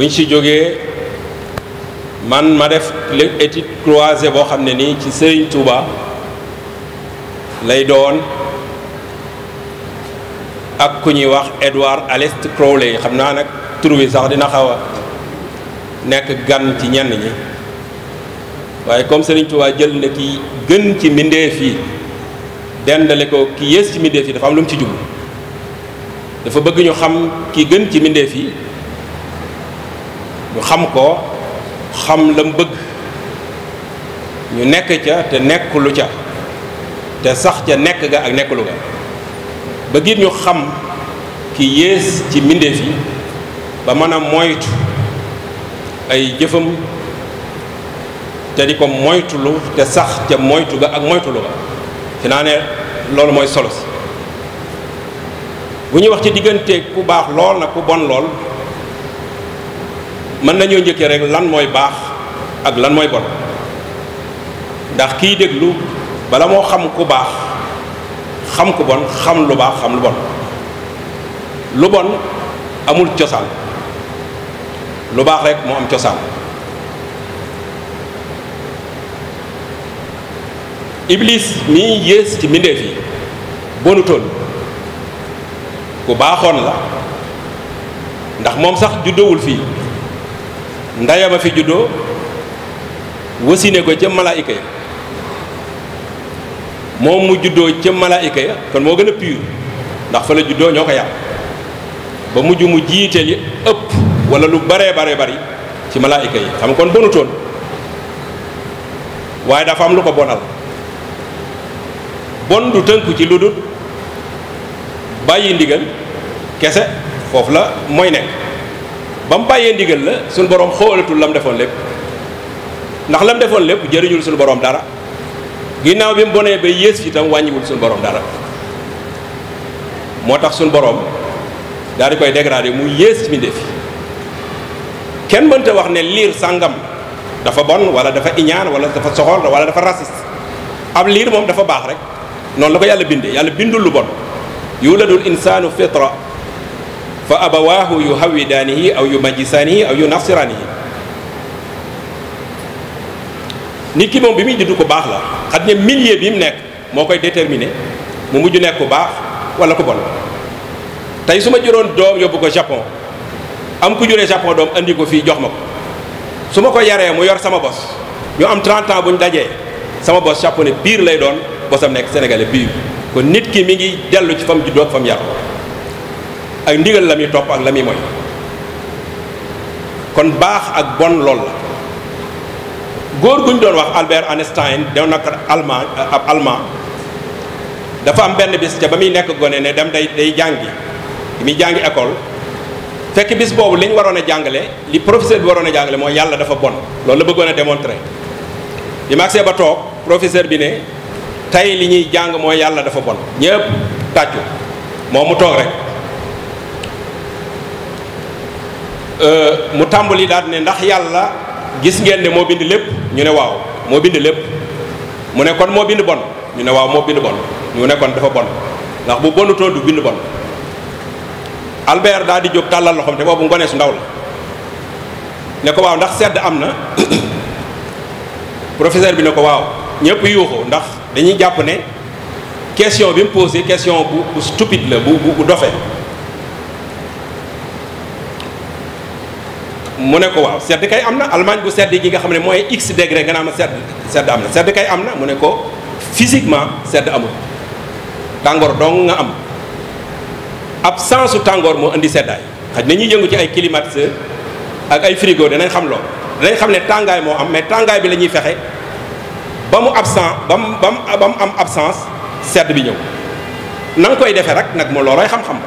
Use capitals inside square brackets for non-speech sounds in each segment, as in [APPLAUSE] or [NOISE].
buñ si jógee man ma def étude croisée boo xam ne nii ci Serigne Touba lay doon ak ku ñuy wax Edouard Aleste Crowley xam naa nag tur bi sax dina xaw a nekk gan ci ñenn ñi waaye comme Serigne Touba jël na ki gën ci mbindeef yi dendale ko ki yées ci mbindeef yi dafa am lu mu ci jublu dafa bëgg ñu xam ki gën ci mbindeef yi ñu xam ko xam lam bëgg ñu nekk ca te nekk lu ca te sax ca nekk ga ak nekk lu ga ba ñu xam ki yées ci mbindeef yi ba mën a moytu ay jëfam te di ko moytulu te sax ca moytu ga ak moytulu ga ci naa ne loolu mooy solo bu ñuy wax ci diggante ku baax lool na ku bon lool mën nañoo njëkkee rek lan mooy baax ak lan mooy bon ndax kiy déglu bala moo xam ku baax xam ku bon xam lu baax xam lu bon lu bon amul cosaan lu baax rek moo am cosaan iblis mi yées ci mbindeef yi bonutoon ku baaxoon la ndax moom sax juddowul fii ndeyam a fi juddoo wasine ko ca malaayika ya moom mu juddoo ca malaayika ya kon moo gën a pur ndax fa la juddoo ñoo ko yàq ba mujj mu jiite yi ëpp walla lu bare bare bari ci malaayika yi xam kon bonutoon waaye dafa am lu ko bonal bon du tënku ci lu dul bàyyi ndigal kese foofu la mooy nekk ba mu bàyyee ndigal la suñu borom xoolatul lam defoon lépp ndax lam defoon lépp jëriñul suñu boroom dara ginnaaw bi mu bonee ba yées itam wàññiwul suñu borom dara moo tax suñu boroom daal di koy dégradé mu yées mi defi kenn mënta wax ne liir sàngam dafa bon wala dafa iñaan wala dafa soxor wala dafa raciste ab liir moom dafa baax rek noonu la ko yàlla bindee yàlla bindul lu bon yuladul insaanu fitra fa abawaahu yuhawwidaanihi aw yumajjisaanihi aw yunasiraanihi nit ki moom bi muy juddu ko baax la xam ne milieu bi mu nekk moo koy déterminé mu mujj nekk ku baax wala ku bon tey su ma juróon doom yóbbu ko Japon am ku juree Japon doom andi ko fii jox ma ko su ma ko yaree mu yor sama bos ñu am 30 buñ bu dajee sama bos japonais biir lay doon bosam nekk sénégalais biir kon nit ki mi ngi dellu ci fam juddoo ak fam yar ak ndigal la muy topp ak la muy mooy kon baax ak bon lool la góor gu ñu doon wax Albert Einstein doon nag allemand euh, ab allemand dafa am benn bis ca ba muy nekk gone ne dem day day jàngi muy jàngi école fekk bis boobu li ñu waroon a jàngale li professeur bi waroon a jàngale mooy yàlla dafa bon loolu la bëggoon a démontrer bi ma agsee ba toog professeur bi ne tey li ñuy jàng mooy yàlla dafa bon ñëpp tàccu moo mu toog rek Euh, mu tàmbali daal ne ndax yàlla gis ngeen ne moo bind lépp ñu ne waaw moo bind lépp mu ne kon moo bind bon ñu ne waaw moo bind bon ñu ne kon dafa bon ndax bu bonutoon du bind bon Albert daal di jóg tàllal loxoom te boobu ngone su ndaw la ne ko waaw ndax sedd am na [COUGHS] professeur bi ne ko waaw ñëpp yuuxu ndax dañuy jàpp ne question bi mu posé question bu stupide la bu bu dofe mu ne ko waaw sedd kay am na Allemagne bu sedd gi nga xam ne mooy x degré nga naa ma sedd sedd am na sedd kay am na mu ne ko physiquement sedd amul tàngoor dong nga am absence su tàngoor moo indi seddaay xaj na ñuy yëngu ci ay climatiseur ak ay frigo danañ xam loolu danañ xam ne tàngaay moo am mais tàngaay bi la ñuy fexe ba mu absent ba mu ba mu am absence sedd bi ñëw na koy defee rek nag moo loolooy xam-xam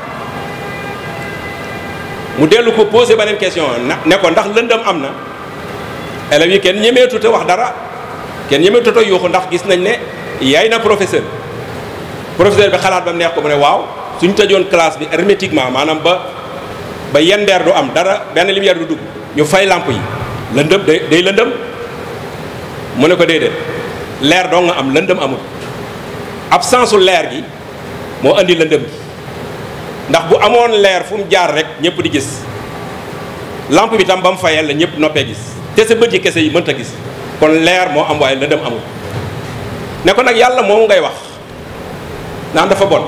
mu dellu ko posé beneen question ne ko ndax lëndëm am na élèves yi kenn ñemeetu te wax dara kenn ñemeetu te yuuxu ndax gis nañ ne yay na professeur professeur bi xalaat ba mu neex ko mu ne waaw suñ tëjoon classe bi hermétiquement maanaam ba ba yendeer du am dara benn lumière du dugg ñu fay lamp yi lëndëm day day lëndëm mu ne ko déedéet leer doo nga am lëndëm amul absence u leer gi moo indi lëndëm gi ndax bu amoon leer fu mu jaar rek ñépp di gis lampe bi tam ba mu fayal la ñëpp noppee gis te sa bët yi kese yi mënta gis kon leer moo am waaye la dem amul ne ko nag yàlla moomu ngay wax naan dafa bon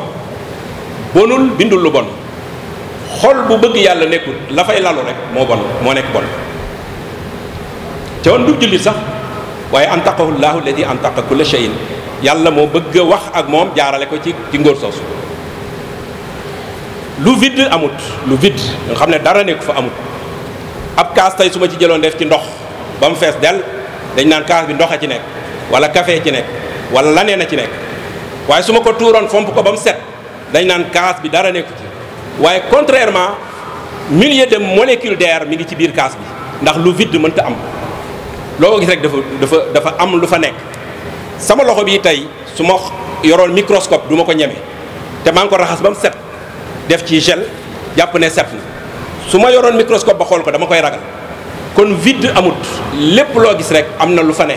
bonul bindul lu bon xol bu yàlla nekkul la lalu rek moo bon moo nekk bon te woon du jullit sax waaye antaqahu llaahu alladi antaqa kulla shayin yàlla moo bëgg wax ak moom jaarale ko ci ci ngóor soosu lu vide amut lu vide nga xam ne dara nekk fa amut ab kaas tey su ma ci jëloon def ci ndox ba mu fees dell dañ naan kaas bi ndox a ci nekk wala café ci nekk wala laneen a ci nekk waaye su ma ko tuuroon fomp ko ba mu set dañ naan kaas bi dara nekku ci waaye contrairement milliers de molécules d'air mi ngi ci biir kaas bi ndax lu vide mënta am loo gis rek dafa dafa dafa am lu fa nekk sama loxo bii tey su ma yoroon microscope du ma ko ñeme te maa ngi ko raxas ba mu set def ci gel jàpp ne set na su ma yoroon microscope ba xool ko dama koy ragal kon vide amut lépp loo gis rek am na lu fa ne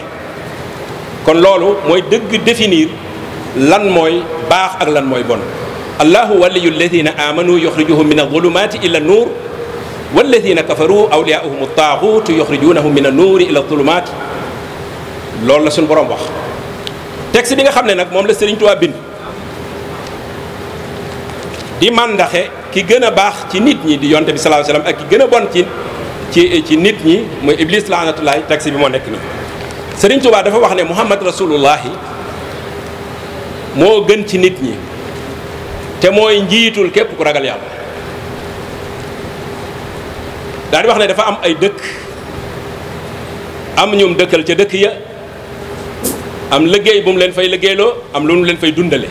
kon loolu mooy dëgg définir lan mooy baax ak lan mooy bon allahu waliyu alladina amanu yuxrijuhum min adulumati ila nuur walladina kafaru awliyaahum altaaxuut yuxrijunahum min annuuri ila adulumaat loolu la suñ borom wax texte bi nga xam ne nag moom la Sëriñ Tuubaa bind di màndaxe ki gën a baax ci nit ñi di yonte bi sallallahu alayhi ak gën a bon ci ci ci nit ñi mooy iblis laanatullahi taxi bi moo nekk nii Sëriñ Tuubaa dafa wax ne Muhammad rasulullahi moo gën ci nit ñi te mooy njiitul képp ku ragal yàlla daal di wax ne dafa am ay dëkk am ñum dëkkal ca dëkk ya am liggéey bu mu leen fay liggéeyloo am lu mu leen fay dundale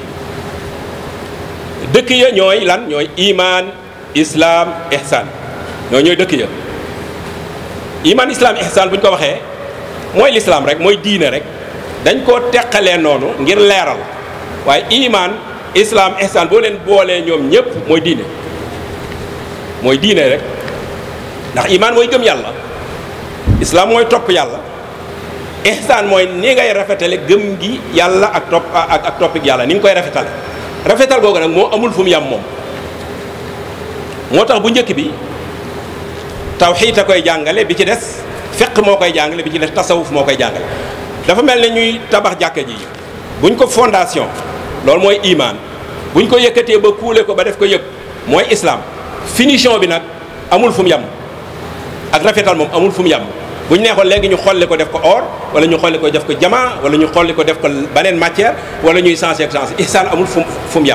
dëkk ya ñooy lan ñooy iman islaam ihsan ñooy ñooy dëkk ya iman islam ihsan bu ñu ko waxee mooy lislaam rek mooy diine rek dañ koo teqalee noonu ngir leeral waaye imaan islaam ihsan boo leen boolee ñoom ñëpp mooy diine mooy diine rek ndax iman mooy gëm yàlla islaam mooy topp yàlla ihsan mooy ni ngay rafetale gëm gi yàlla ak topp ak ak toppik yàlla ni nga koy rafetale rafetal googu nag moo amul fu mu yam moom moo tax bu njëkk bi tawxiid a koy jàngale bi ci des fiq moo koy jàngale bi ci des tasawuf moo koy jàngale dafa mel ne ñuy tabax jàkka ji buñ ko fondation loolu mooy imaan buñ ko yëkkatee ba kuule ko ba def ko yëg mooy islaam finition bi nag amul fu mu yam ak rafetal moom amul fu mu yam bu ñu neexoon léegi ñu xolli ko def ko or wala ñu xolli ko def ko jamaa wala ñu xolli ko def ko beneen matière wala ñuy sensé ak sensé ihsaan amul fu fu mu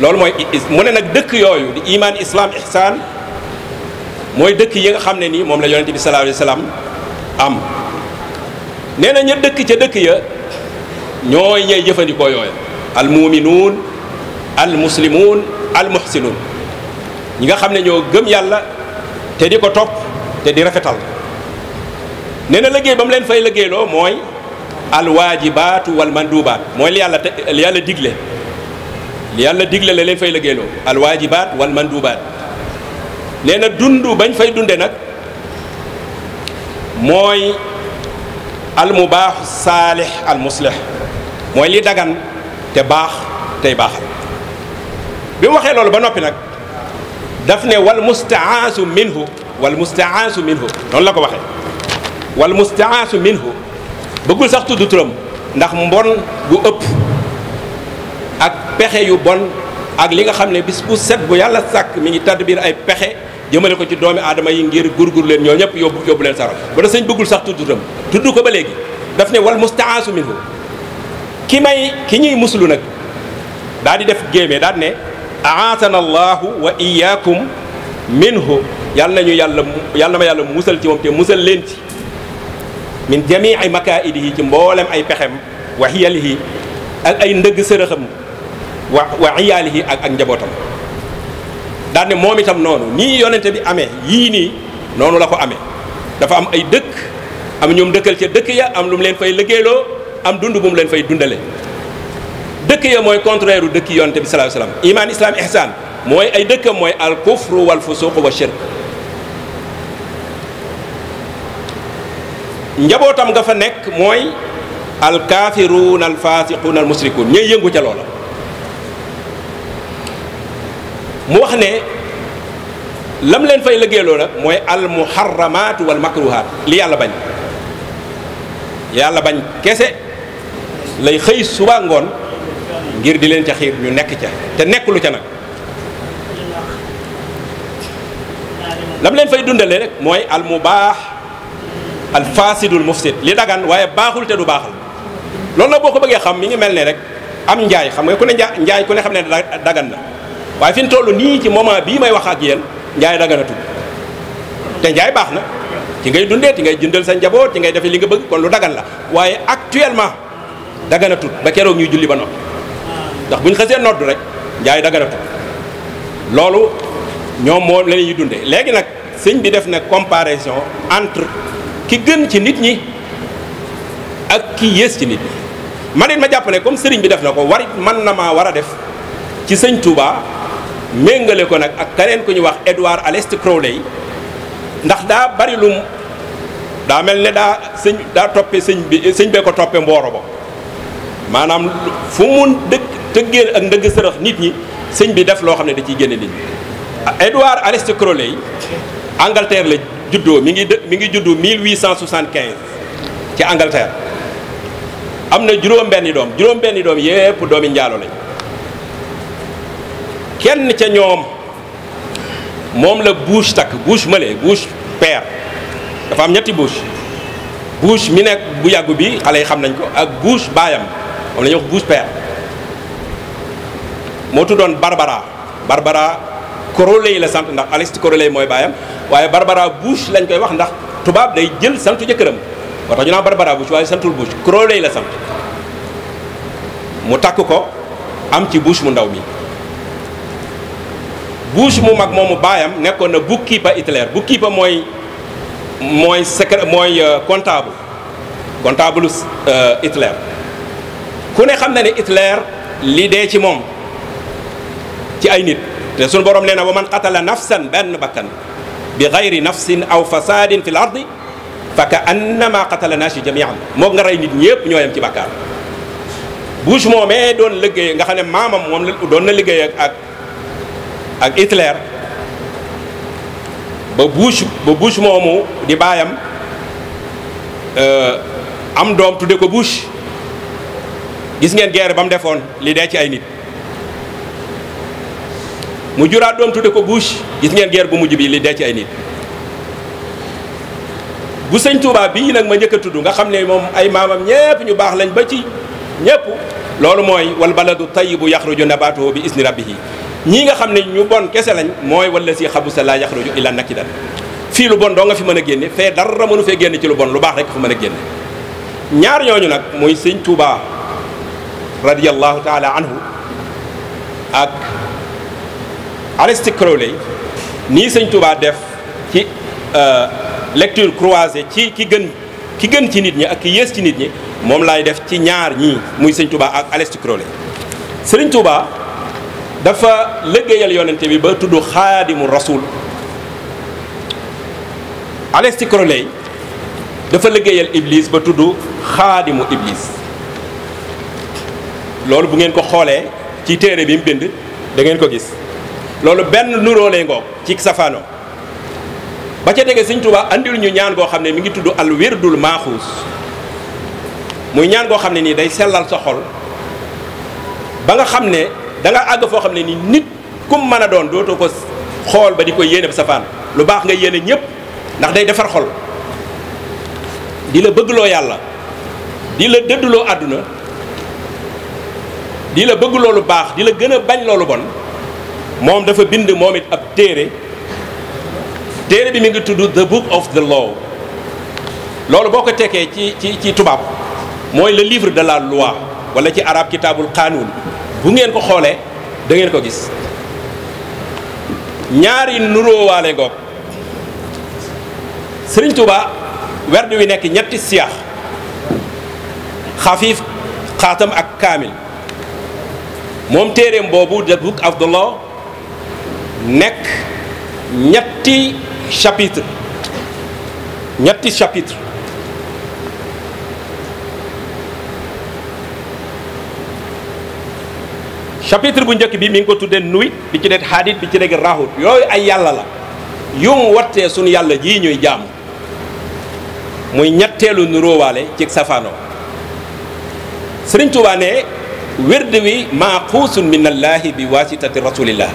loolu mooy mu ne nag dëkk yooyu di imaan islam ihsaan mooy dëkk yi nga xam ne nii moom la yonente bi sallallahu am nee na ña dëkk ca dëkk ya ñoo ñay jëfandikoo yooyu al muminuun al muslimuun al muhsinuun ñi nga xam ne ñoo gëm yàlla te di ko topp te di rafetal nee na liggéey ba mu leen fay liggéeyloo mooy alwaajibaatu wal mandubaat mooy li yàlla te li yàlla digle li yàlla digle la leen fay liggéeyloo alwaajibaat wal mandubaat nee na dund bañ fay dunde nag mooy almubaaxu saalix almuslix mooy li dagan te baax tey baaxal bi mu waxee loolu ba noppi nag daf ne wal mustaasu minhu wal mustaasu minhu noonu la ko waxee wal mustaasu minhu bëggul sax tudd turam ndax mbon gu ëpp ak pexe yu bon ak li nga xam ne bis bu set bu yàlla sàkk mi ngi tàdd biir ay pexe jëmale ko ci doomi aadama yi ngir gur gurgur leen ñoo ñëpp yóbbu yóbbu leen saro ba da sëñ bëggul sax tudd turam tudd ko ba léegi daf ne wal mustaasu minhu ki may ki ñuy muslu nag daa di def géeme daa di ne aasana allahu wa iyaakum minhu yàlla nañu yàlla yàlla ma yàlla musal ci moom te musal leen ci min jamii ay makaa'idihi ci mboolem ay pexem wa xiyalihi ak ay ndëgg sërëxam wa wa iyaalihi ak ak njabootam daan moom itam noonu nii yonente bi amee yii nii noonu la ko amee dafa am ay dëkk am ñoom dëkkal ca dëkk ya am lu mu leen fay liggéeyloo am dund bu mu leen fay dundale dëkk ya mooy contraire u dëkk yonente bi sallallahu alayhi wasallam iman islam mooy ay dëkka mooy al kufru wal fusuq wa shirk njabootam nga fa nekk mooy alkaafiruun alfaasiquun almusrikuun ñooy yëngu ca loola mu wax ne lam leen fay liggéey loola mooy almuharramaatu walmakruhaat li yàlla bañ yàlla bañ kese lay xëy suba ngoon ngir di leen ca xiir ñu nekk ca te nekkulu ca nag lam leen fay dundale rek mooy almubaax al fasidul mufsid li dagan waaye baaxul te du baaxal loolu nag boo ko bëggee xam mi ngi mel ne rek am njaay xam nga ku ne njaay ku ne xam ne dagan na waaye fi ñu toll nii ci moment bii may wax ak yéen njaay daganatul te njaay baax na ci ngay dundee ci ngay jëndal sa njaboot ci ngay defee li nga bëgg kon lu dagan la waaye actuellement daganatul ba keroog ñuy julli ba noppi ndax bu ñu xasee nodd rek njaay daganatul loolu ñoom moo la ñuy dundee léegi nag sëñ bi def na comparaison entre. ki gën ci nit ñi ak ki yées ci nit ñi ma jàpp comme sëriñ bi def na ko warit man na maa war a def ci sëñ Touba méngale ko nag ak keneen ku ñu wax Edouard Aleste Crowley ndax daa bari lu daa mel ne daa sëñ daa toppe sëñ bi sëñ bee ko toppe mbooro ba maanaam fu mu dëkk tëggeel ak ndëgg sërëx nit ñi sëñ bi def loo xam ne da ciy génne nit ñi Edouard ah, Aleste Crowley la juddoo mi ngi dë mi ngi juddu 1875 ci Angleterre am na juróom-benni doom juróom-benni doom yépp doomi njaalo lañ kenn ca ñoom moom la Bush takk Bush mële Bush père dafa am ñetti Bush Bush mi nekk bu yàggu bi xale yi xam nañ ko ak Bush baayam moom la ñuy wax Bush père moo tuddoon Barbara Barbara. Corolay la sant ndax Alexis Corolay mooy baayam waaye Barbara Bush lañ koy wax ndax tubaab day jël santu jëkkëram moo tax ñu naan Barbara Bush waaye santul Bush Corolay la sant mu takk ko am ci Bush mu ndaw mi Bush mu mag mu baayam nekkoon na bookkeeper Hitler bookkeeper mooy mooy secret mooy euh, comptable comptable euh, Hitler ku ne xam na ne Hitler li dee ci moom ci ay nit te suñu borom nee na wa man qatala nafsan benn bakkan bi gayri nafsin aw fasadin fi l ardi fa ka annama qatala naasi jamian moom nga rey nit ñëpp ñoo yem ci bàkkaar Bush moomee doon liggéey nga xam ne maamam moom la doon na liggéey ak ak ak Hitler ba Bush ba Bush moomu di baayam euh, am doom tudde ko Bush gis ngeen guerre ba mu defoon li dee ci ay nit mu juraat doom tudde ko Bush gis ngeen guerre bu mujj bi li dee ci ay nit bu sëñ Touba bii nag ma njëkk a tudd nga xam ne moom ay maamam ñëpp ñu baax lañ ba ci ñëpp loolu mooy wal baladu tayyibu yaxruju nabatuhu bi isni rabbihi ñii nga xam ne ñu bon kese lañ mooy wala si sa laa yaxruju illa nakidan fii lu bon doo nga fi mën a génne fee dara mënu fee génne ci lu bon lu baax rek fu mën a génne ñaar ñooñu nag muy sëñ Touba radiyallahu taala anhu Aleister Crowley nii sëñ Touba def ci euh, lecture croisée ci ki gën ki gën ci nit ñi ak ki yées ci nit ñi moom laay def ci ñaar ñi muy sëñ Touba ak Aleister Crowley sëriñ dafa liggéeyal yonente bi ba tudd xaadimu rasul Aleister Crowley dafa liggéeyal ibliis ba tudd xaadimu iblis loolu bu ngeen ko xoolee ci téere bi mu bind da ko gis loolu benn nuroo lay ngoog ci safaano ba ca tege sëñ Tuubaa andil ñu ñaan goo xam ne mu ngi tudd al wirdul maaxuus muy ñaan goo xam ne nii day sellal sa xol ba nga xam ne danga àgg foo xam ne nii nit kum mën a doon dootoo ko xool ba di ko yéene safaan lu baax nga yéene ñëpp ndax day defar xol di la bëggloo yàlla di la dëddloo àdduna di la bëgguloo lu baax di la gën a bañ loolu bon moom dafa bind moom it ab téere téere bi mi ngi tudd the book of the law loolu boo ko tekkee ci ci ci tubaab mooy le livre de la loi wala ci arab kitaabul qaanuun bu ngeen ko xoolee dangeen ko gis ñaari nuróowaale ngoog sëriñtuba Tuuba werd wi nekk ñetti siyaax xafiif xaatam ak kaamil moom téereem boobu the book of the law nekk ñetti chapitre ñetti chapitre chapitre bu njëkk bi mi ngi ko tuddee nuit bi ci nekk xaadit bi ci nekk raahut yooyu ay yàlla la yu mu wattee sunu yàlla ji ñuy jàmm muy ñetteelu nuróowaale ci safaanoo sëriñ Tuubaa ne wird wi maaquusun min bi waasitati rasulillah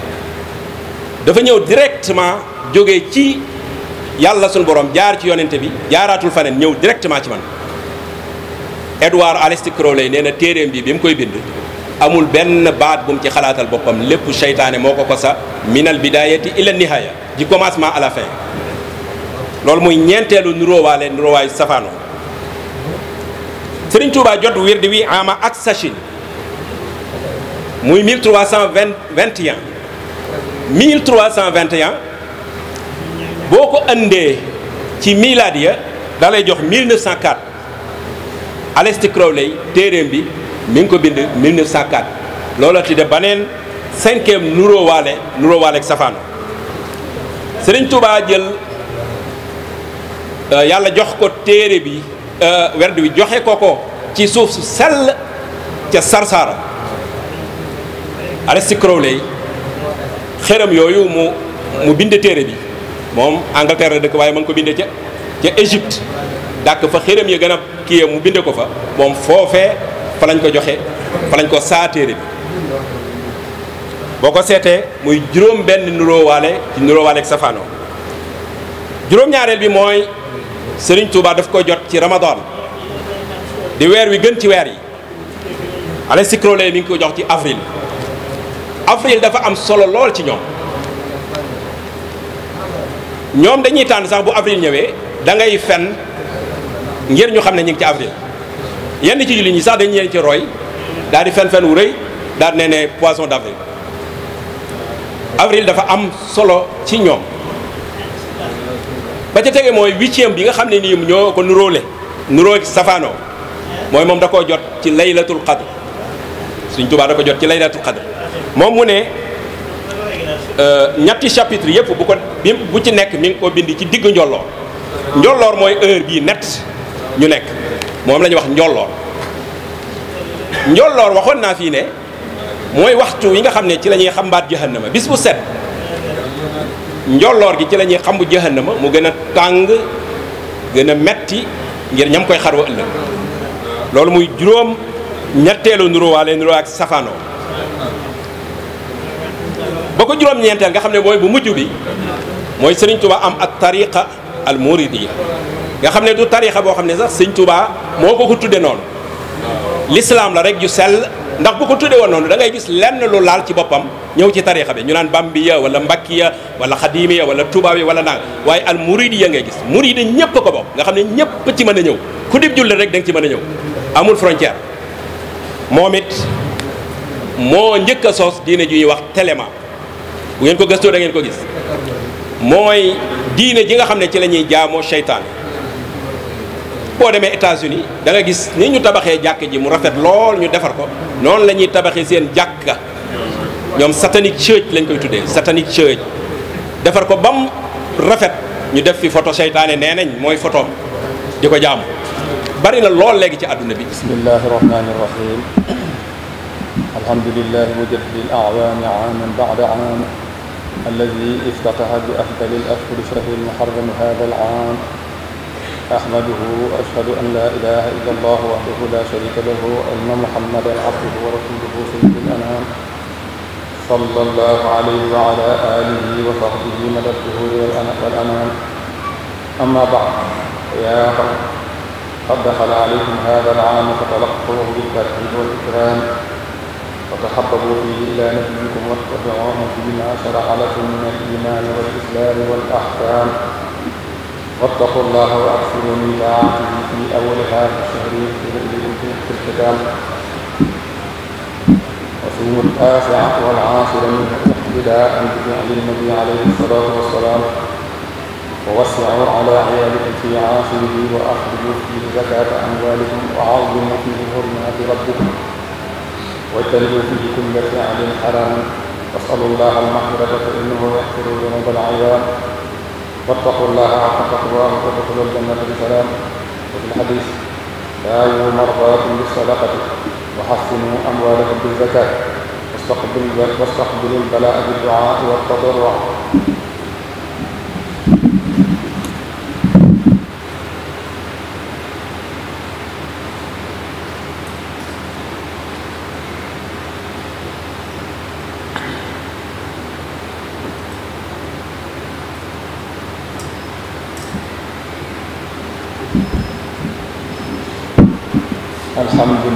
dafa ñëw directement jóge ci yàlla suñu borom jaar ci yonente bi jaaraatul faneen ñëw directement ci man Edward Alesti Crowley nee na téeréem bi bi mu koy bind amul benn baat bu ci xalaatal boppam lépp seytaane moo ko ko sa minal bidayati ila nihaya di commencement à la fin loolu muy ñeenteelu nuróowaale nuróowaayu safaanoo Sëriñ Tuubaa jot wird wi ama ak sachin muy 1321 1321 boo ko indee ci milaad ya da lay jox 1904 Aleister Crowley téeréem bi mi ngi ko bind 1904 loola ti de baneen cinquième nuróowaale nuróowaale ak safaano Sëriñ Tuubaa jël euh, yàlla jox ko téere bi euh, werd wi joxe ko ko ci suuf su sell ca Sarsara Aleister Crowley xëram yooyu mu mu binde téere bi moom Angleterre la dëkk waaye ma ngi ko binde ca ca Égypte dàkk fa xëram yi gën a kii mu bindee ko fa moom foofee fa lañ ko joxe fa lañ ko saa téere bi boo ko seetee muy juróom benn nuróowaale ci nuróowaale ak juróom-ñaareel bi mooy Serigne tuubaa daf ko jot ci Ramadan di weer wi gën ci weer yi ale sikrole mi ngi ko jox ci avril avril dafa am solo lool ci ñoom ñoom dañuy tànn sax bu avril ñëwee da ngay fen ngir ñu xam ne ñu ngi ci avril yenn ci li ñi sax dañu leen ci roy daal di fen fen wu rëy daal di ne ne poisson d'avril avril dafa am solo ci ñoom ba ca tege mooy huitième bi nga xam ne nii ñoo ko nuroo nuróo safaanoo mooy moom da koo jot ci laylatul qadr Sëriñ Tuubaa da ko jot ci laylatul qadr moom mu ne euh, ñetti chapitre yëpp bu ko bu ci nekk mi ngi ko bind ci diggu njolloor njolloor mooy heure bii net ñu nekk moom la ñuy wax njolloor njolloor waxoon naa fii ne mooy waxtu yi nga xam ne ci la ñuy xambaat jahannama bis bu set njolloor gi ci la ñuy xambu jahannama mu gën a tàng gën a metti ngir ñam koy xarwa ëllëg loolu muy juróom ñetteelu nuróowaale nuróo ak safaanoo boo ko juróom-ñeenteel nga xam ne mooy bu mujj bi mooy sëriñ Tuubaa am ak tariqa al muridiya nga xam ne du tariqa boo xam ne sax sëriñ Tuubaa moo ko ko tudde noonu l'islam la rek ju sell ndax bu ko tudde woon noonu da ngay gis lenn lu laal ci boppam ñëw ci tariqa bi ñu naan bambiya wala mbakkiya wala xadimiya wala tubaabi wala naan waaye al a ngay gis muridi ñëpp ko bopp nga xam ne ñëpp ci mën a ñëw ku dib jullit rek da ci mën a ñëw amul frontière moom it moo njëkk a sos diine ji ñuy wax téléma bu ngeen ko gëstoo dangeen ko gis mooy diine ji nga xam ne ci la ñuy jaamoo seytaan boo demee États-Unis da gis ni ñu tabaxee jàkk ji mu rafet lool ñu defar ko noonu la ñuy tabaxee seen jàkka ñoom satanic church lañ koy tuddee satanic church defar ko bam rafet ñu def fi photo seytaane nee nañ mooy photo di ko jaamu bari na lool léegi ci àdduna bi bismillahi rahmani rahim alhamdulilahi mujaddi l awaami aaman baada aam alladi iftataha bi afdali l ashhuri shahri l muharrami hada al aam ahmaduhu ashhadu an la ilaha illa allah wahdahu la sharika lahu anna muhammadan abduhu wa rasuluhu sayyidil anam صلى الله عليه وعلى آله وصحبه مدد الظهور والأنام أما بعد يا رب قد دخل عليكم هذا العام فتلقوه بالترحيب والإكرام وتحببوا فيه إلى نبيكم واتبعوه فيه ما شرع لكم من الإيمان والإسلام والأحكام واتقوا الله وأكثروا من طاعته في أول هذا الشهر في الختام وصوم التاسعة والعاشرة منه ابتداء بفعل النبي عليه الصلاة والسلام ووسعوا على عيالك في عاصمه وأخرجوا فيه زكاة أموالهم وعظموا فيه حرمات ربكم واجتنبوا فيه كل فعل حرام واسألوا الله المغفرة فإنه يغفر ذنوب العيان واتقوا الله حق تقواه وادخلوا الجنة بسلام وفي الحديث داعوا مرضاكم بالصدقة وحصنوا أموالكم بالزكاة واستقبلوا البلاء بالدعاء والتضرع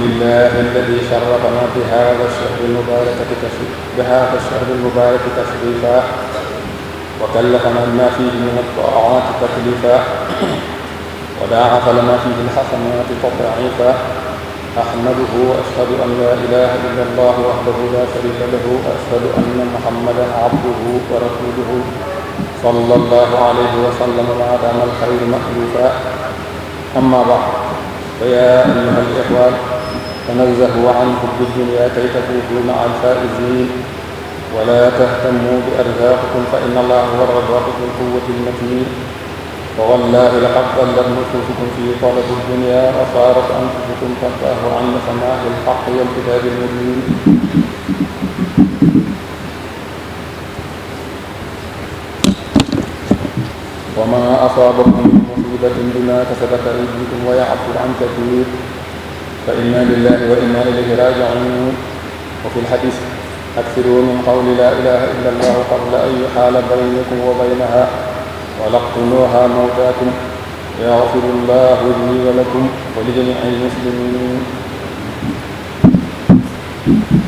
لله الذي شرفنا بهذا الشهر المبارك بهذا الشهر المبارك تشريفا وكلفنا بما فيه من الطاعات تكليفا وضاعف لنا فيه الحسنات تضعيفا أحمده وأشهد أن لا إله إلا الله وحده لا شريك له وأشهد أن محمدا عبده ورسوله صلى الله عليه وسلم وعلى الخير مألوفا أما بعد فيا أيها الإخوان تنزه عن حب الدنيا كي تفوزوا مع الفائزين ولا تهتموا بأرزاقكم فإن الله هو الرزاق ذو القوة المتين فوالله لقد ضلت نفوسكم في طلب الدنيا وصارت أنفسكم تنتهوا عن سماع الحق والكتاب المبين وما أصابكم من مصيبة بما كسبت أيديكم ويعفو عن كثير fa inna lillahi wa inna ilayhi raji'un wa fi lxadis aksiru min qawli la ilaha illa allah qabla an yuxaala baynakum wa baynaha walaqtumuha mawtaakum يغفر الله لي ولكم ولجميع المسلمين